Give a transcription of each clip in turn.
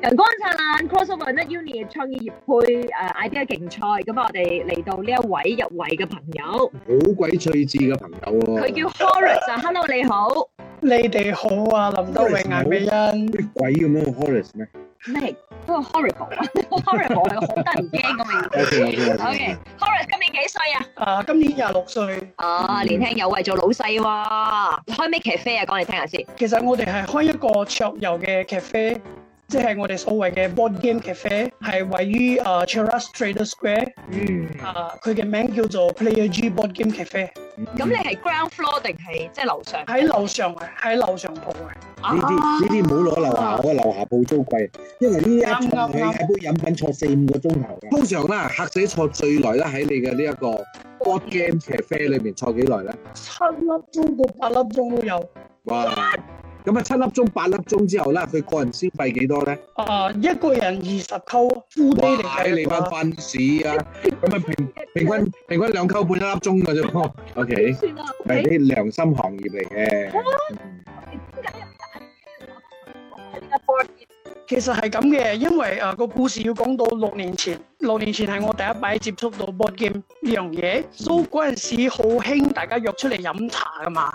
陽光燦爛，crossover 呢？unique 創業配誒 idea 競賽，咁我哋嚟到呢一位入圍嘅朋友，好鬼趣致嘅朋友喎。佢叫 Horace，Hello 你好，你哋好啊，林德榮阿美欣，啲鬼咁樣嘅咩？Horace 咩？咩？個 Horrible，Horrible 係好得人驚嘅。OK，Horace 今年幾歲啊？啊，今年廿六歲。啊，年輕有為，做老細哇！開咩咖啡啊？講嚟聽下先。其實我哋係開一個桌遊嘅咖啡。即係我哋所謂嘅 board game cafe，係位於誒 Cheras Trader Square，誒佢嘅名叫做 Playerz Board Game Cafe。咁你係 ground floor 定係即係樓上？喺樓上嘅，喺樓上鋪嘅。呢啲呢啲唔好攞樓下，我樓下鋪租貴。因為呢一間係一杯飲品坐四五個鐘頭嘅。通常啦，客仔坐最耐喇，喺你嘅呢一個 board game cafe 裏邊坐幾耐咧？七粒鐘到八粒鐘都有。咁啊，七粒鐘八粒鐘之後咧，佢個人消費幾多咧？啊，一個人二十扣，夫妻嚟計你份份屎啊！咁啊， 平均平均兩扣半一粒鐘嘅啫，OK，係啲良心行業嚟嘅。其實係咁嘅，因為誒、呃那個故事要講到六年前，六年前係我第一擺接觸到 board game 呢樣嘢，所以嗰陣時好興大家約出嚟飲茶噶嘛，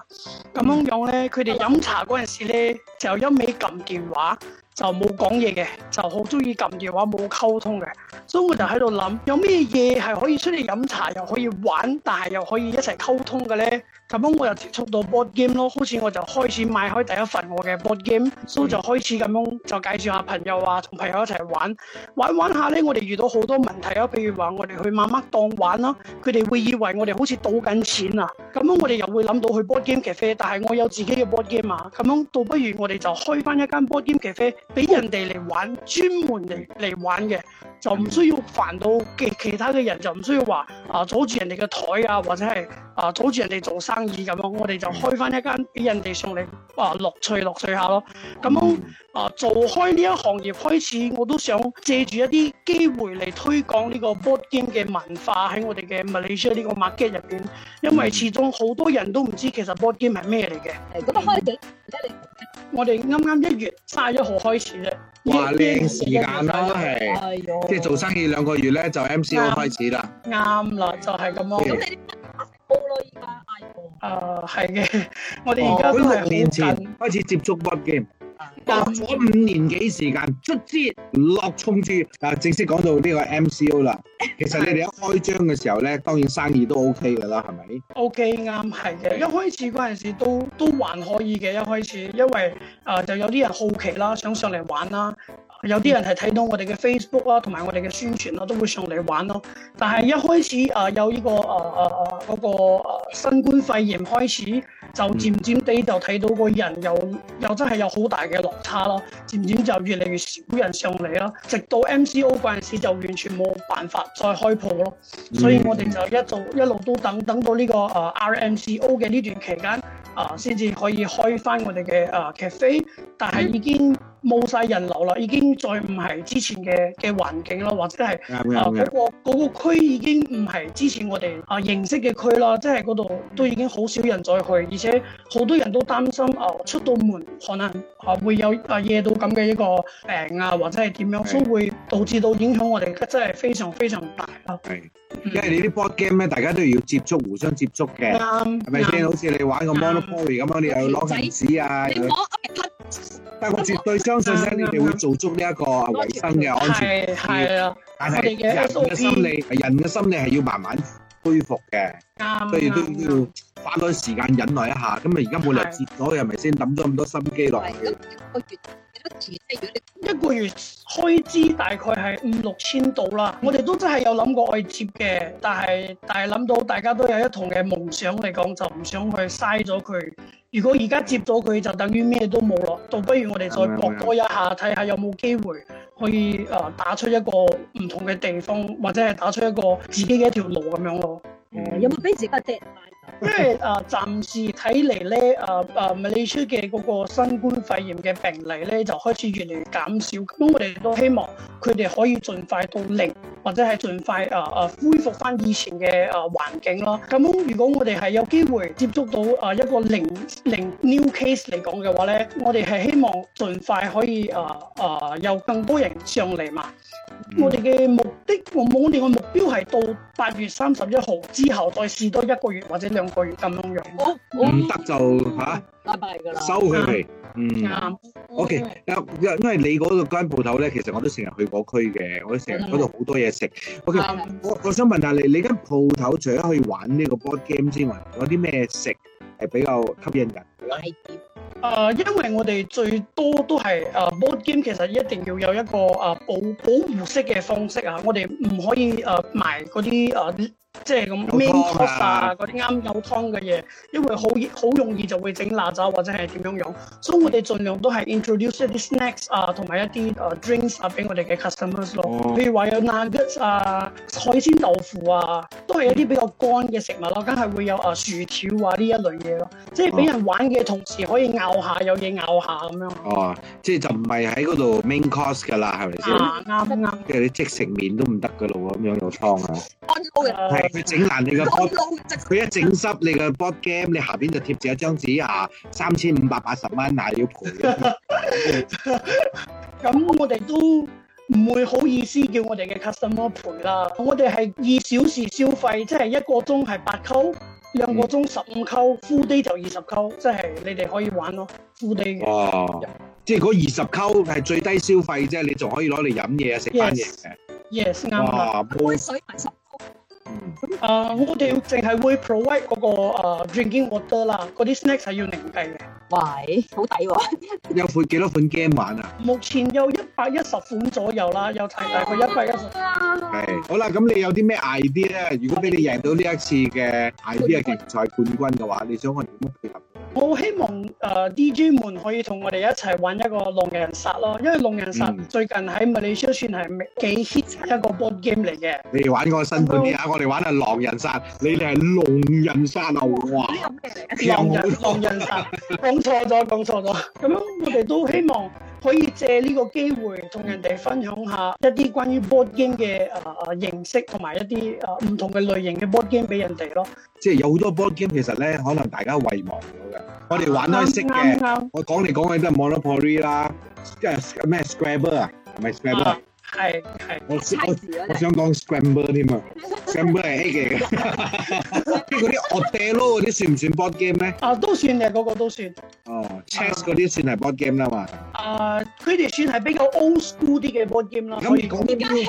咁樣樣咧，佢哋飲茶嗰陣時咧就一味撳電話，就冇講嘢嘅，就好中意撳電話冇溝通嘅。所以我就喺度諗，有咩嘢係可以出嚟飲茶又可以玩，但係又可以一齊溝通嘅咧？咁樣我又接觸到 board game 咯，好似我就開始買開第一份我嘅 board game，所以就開始咁樣就介紹下朋友話、啊、同朋友一齊玩，玩玩玩下咧。我哋遇到好多問題啊，譬如話我哋去馬馬當玩啦，佢哋會以為我哋好似賭緊錢啊。咁樣我哋又會諗到去 board game cafe，但係我有自己嘅 board game 嘛、啊？咁樣倒不如我哋就開翻一間 board game cafe，俾人哋嚟玩，專門嚟嚟玩嘅，就唔需要煩到其他嘅人，就唔需要話阻住人哋嘅台啊，或者係阻住人哋做生意咁，我哋就開翻一間俾人哋送嚟。啊，樂趣樂趣下咯，咁、嗯、啊做開呢一行業開始，我都想借住一啲機會嚟推廣呢個 board game 嘅文化喺我哋嘅 Malaysia 呢個 market 入邊，因為始終好多人都唔知其實 board game 係咩嚟嘅。咁開我哋啱啱一月卅一號開始啫。哇，呢時間都係，哎、呀即係做生意兩個月咧就 MCO 開始啦。啱啦，就係、是、咁樣咯。誒，係嘅、uh,，我哋而家六年前開始接觸 board game，嗯，隔咗五年幾時間，出資落重注。啊，正式講到呢個 MCO 啦。其實你哋一開張嘅時候咧，當然生意都 OK 噶啦，係咪、嗯、吧？OK 啱係嘅，一開始嗰陣時都都還可以嘅，一開始因為誒、呃、就有啲人好奇啦，想上嚟玩啦。有啲人係睇到我哋嘅 Facebook 啦、啊，同埋我哋嘅宣傳啦、啊，都會上嚟玩咯、啊。但係一開始啊，有呢個啊啊啊嗰個新冠肺炎開始，就漸漸地就睇到個人又又真係有好大嘅落差咯、啊。漸漸就越嚟越少人上嚟咯、啊。直到 MCO 嗰陣時，就完全冇辦法再開鋪咯、啊。所以我哋就一做一路都等等到呢個啊 RMCO 嘅呢段期間。啊，先至可以開翻我哋嘅啊咖啡，但係已經冇晒人流啦，已經再唔係之前嘅嘅環境啦，或者係啊嗰個嗰區已經唔係之前我哋啊認識嘅區啦，即係嗰度都已經好少人再去，而且好多人都擔心啊出到門可能。啊，會有啊夜到咁嘅一個病啊，或者係點樣，都會導致到影響我哋，真係非常非常大咯。係，因為你啲 board game 咧，大家都要接觸，互相接觸嘅，係咪先？好似你玩個 Monopoly 咁樣，你又要攞銀紙啊。但係我絕對相信咧，你哋會做足呢一個衞生嘅安全。係係啊，但係人嘅心理，人嘅心理係要慢慢。恢復嘅，所以都要花多時間忍耐一下。咁啊，而家冇理由接咗，又咪先諗咗咁多心機落去。一個月幾多錢？一個月開支大概係五六千度啦。我哋都真係有諗過去接嘅，但係但係諗到大家都有一同嘅夢想嚟講，就唔想去嘥咗佢。如果而家接咗佢，就等於咩都冇咯。倒不如我哋再搏多一下，睇下有冇機會。可以誒打出一個唔同嘅地方，或者係打出一個自己嘅一條路咁樣咯。誒有冇俾自己一啲？嗯、因為誒、啊、暫時睇嚟咧，誒誒馬來西亞嘅嗰個新冠肺炎嘅病例咧，就開始越嚟越減少。咁我哋都希望佢哋可以盡快到零。或者係盡快啊啊、uh, uh, 恢復翻以前嘅啊、uh, 環境咯。咁如果我哋係有機會接觸到啊、uh, 一個零零 new case 嚟講嘅話咧，我哋係希望盡快可以啊啊、uh, uh, 有更多人上嚟嘛。嗯、我哋嘅目的，我哋嘅目標係到八月三十一號之後再試多一個月或者兩個月咁樣樣，唔得、哦、就嚇。收佢哋，嗯，OK。啊，因為你嗰個間鋪頭咧，其實我都成日去嗰區嘅，我都成日去嗰度好多嘢食。OK，我我想問下你，你間鋪頭除咗可以玩呢個 board game 之外，有啲咩食係比較吸引人？誒，因為我哋最多都係誒 board game，其實一定要有一個誒保保護式嘅方式啊！我哋唔可以誒賣嗰啲誒。即係咁 main course 啊，嗰啲啱有湯嘅嘢，因為好好容易就會整辣渣或者係點樣用。所、so、以我哋盡量都係 introduce 一啲 snacks 啊，同埋一啲誒 drinks 啊，俾我哋嘅 customers 咯。譬如話有 nuggets 啊、海鮮豆腐啊，都係一啲比較乾嘅食物咯，梗係會有誒薯條啊呢一類嘢咯，即係俾人玩嘅同時可以咬下有嘢咬下咁樣。哦、嗯，即係就唔係喺嗰度 main course 㗎啦，係咪先？啱得啱。即、啊、係、啊、你即食麵都唔得㗎咯，咁樣有湯啊。Uh, 啊佢整爛你個 board 佢一整濕你個 board game，你下邊就貼住一張紙啊，三千五百八十蚊嗱要賠。咁我哋都唔會好意思叫我哋嘅 customer 賠啦，我哋係二小時消費，即係一個鐘係八扣，兩個鐘十五扣，full day 就二十扣，即係你哋可以玩咯，full day。哦，即係嗰二十扣係最低消費啫，你仲可以攞嚟飲嘢啊，食翻嘢。Yes，啱啦。杯水誒，我哋淨係會 provide 嗰個誒 drinking water 啦，嗰啲 snacks 係要另計嘅。喂，好抵喎！有款幾多款 game 玩啊？目前有一百一十款左右啦，有大大概一百一十。係、okay. 好啦，咁你有啲咩 idea 咧？如果俾你贏到呢一次嘅 idea 競賽冠軍嘅話，你想我哋點配合？我希望誒，DJ 們可以同我哋一齊玩一個狼人殺咯，因為狼人殺最近喺馬來西亞都算係幾 hit 一個 board game 嚟嘅後。你哋玩開新嘅嘢啊！我哋玩係狼人殺，你哋係狼人殺啊！哇！狼人狼很人殺，講錯咗，講錯咗。咁我哋都希望，可以借呢個機會同人哋分享下一啲關於 board game 嘅誒誒認識，同埋一啲誒唔同嘅類型嘅 board game 俾人哋咯。即係有好多 board game 其實咧，可能大家遺忘咗嘅。我哋玩開識嘅，我講嚟講去都係 Monopoly 啦，咩 Scrabble 啊，唔係 Scrabble？係係。我我我想講 Scrabble 添啊，Scrabble 係 A 嘅。即係嗰啲卧底咯，嗰啲算唔算 board game 咩？啊，都算嘅，嗰個都算。哦，Chess 嗰啲算係 board game 啦嘛。誒，佢哋、uh, 算係比較 old school 啲嘅 board game 咯。咁你講啲 new、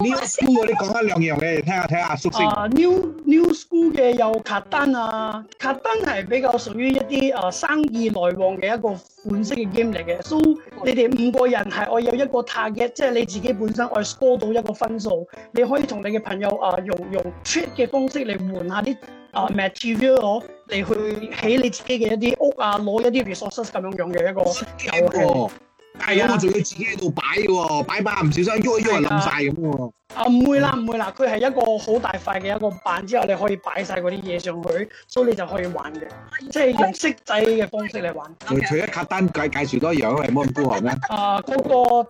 new school，你講一兩樣畀你聽下，睇下熟啊，new new school 嘅有卡丹啊，卡丹係比較屬於一啲誒、uh, 生意來往嘅一個款式嘅 game 嚟嘅。So 你哋五個人係我有一個 target，即係你自己本身我 score 到一個分數，你可以同你嘅朋友啊、uh, 用用 trade 嘅方式嚟換下啲啊、uh, material 你去起你自己嘅一啲屋啊，攞一啲 resources 咁樣樣嘅一個、嗯，但係我仲要自己喺度擺嘅喎、哦，擺擺唔小心喐喐冧晒咁喎。啊，唔會啦唔會啦，佢係一個好大塊嘅一個板，之後你可以擺晒嗰啲嘢上去，所以你就可以玩嘅，即係用骰仔嘅方式嚟玩。Okay. 除除咗卡單介介紹多樣，係冇咁孤寒咩、啊啊那個？啊嗰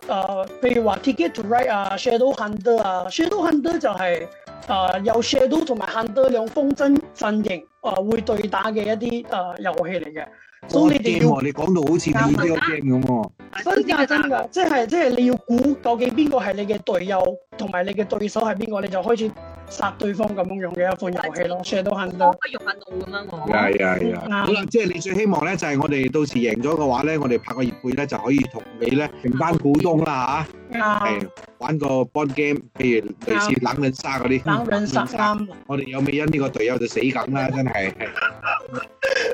個譬如話 Ticket to Ride 啊、uh,，Shadowhunter 啊、uh,，Shadowhunter 就係、是。誒、呃，有 shadow 同埋限多兩風箏陣型，誒、呃，會對打嘅一啲誒遊戲嚟嘅。我點啊？ 你講到好似呢個 game 咁 喎樂。真嘅係真嘅，即係即係你要估，究，究竟邊個係你嘅隊友，同埋你嘅對手係邊個，你就開始。殺對方咁樣樣嘅一款遊戲咯，share 到限用限度咁樣咯，係啊係啊。好啦，即係你最希望咧，就係、是、我哋到時贏咗嘅話咧，我哋拍個業配咧就可以同你咧成班股東啦吓，係、啊嗯、玩個 board game，譬如類似狼人殺嗰啲，冷冷我哋有美恩呢個隊友就死梗啦，真係。嗯嗯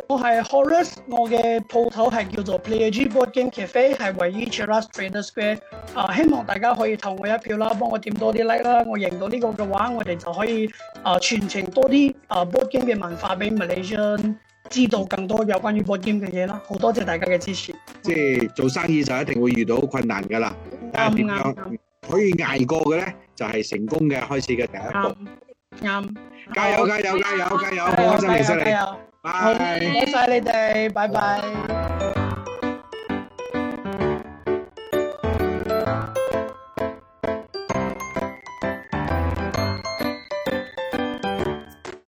我係 Horace，我嘅鋪頭係叫做 Playa、er、G Board Game Cafe，係位於 Cheras Trader Square、呃。啊，希望大家可以投我一票啦，幫我點多啲 like 啦。我贏到呢個嘅話，我哋就可以啊，傳、呃、承多啲啊 Board Game 嘅文化俾 Malaysian 知道更多有關於 Board Game 嘅嘢啦。好多謝大家嘅支持。即係做生意就一定會遇到困難噶啦，啱唔啱？可以捱過嘅咧，就係、是、成功嘅開始嘅第一步。啱、嗯嗯嗯，加油加油加油加油！好開心認識你。好多謝晒你哋，拜拜。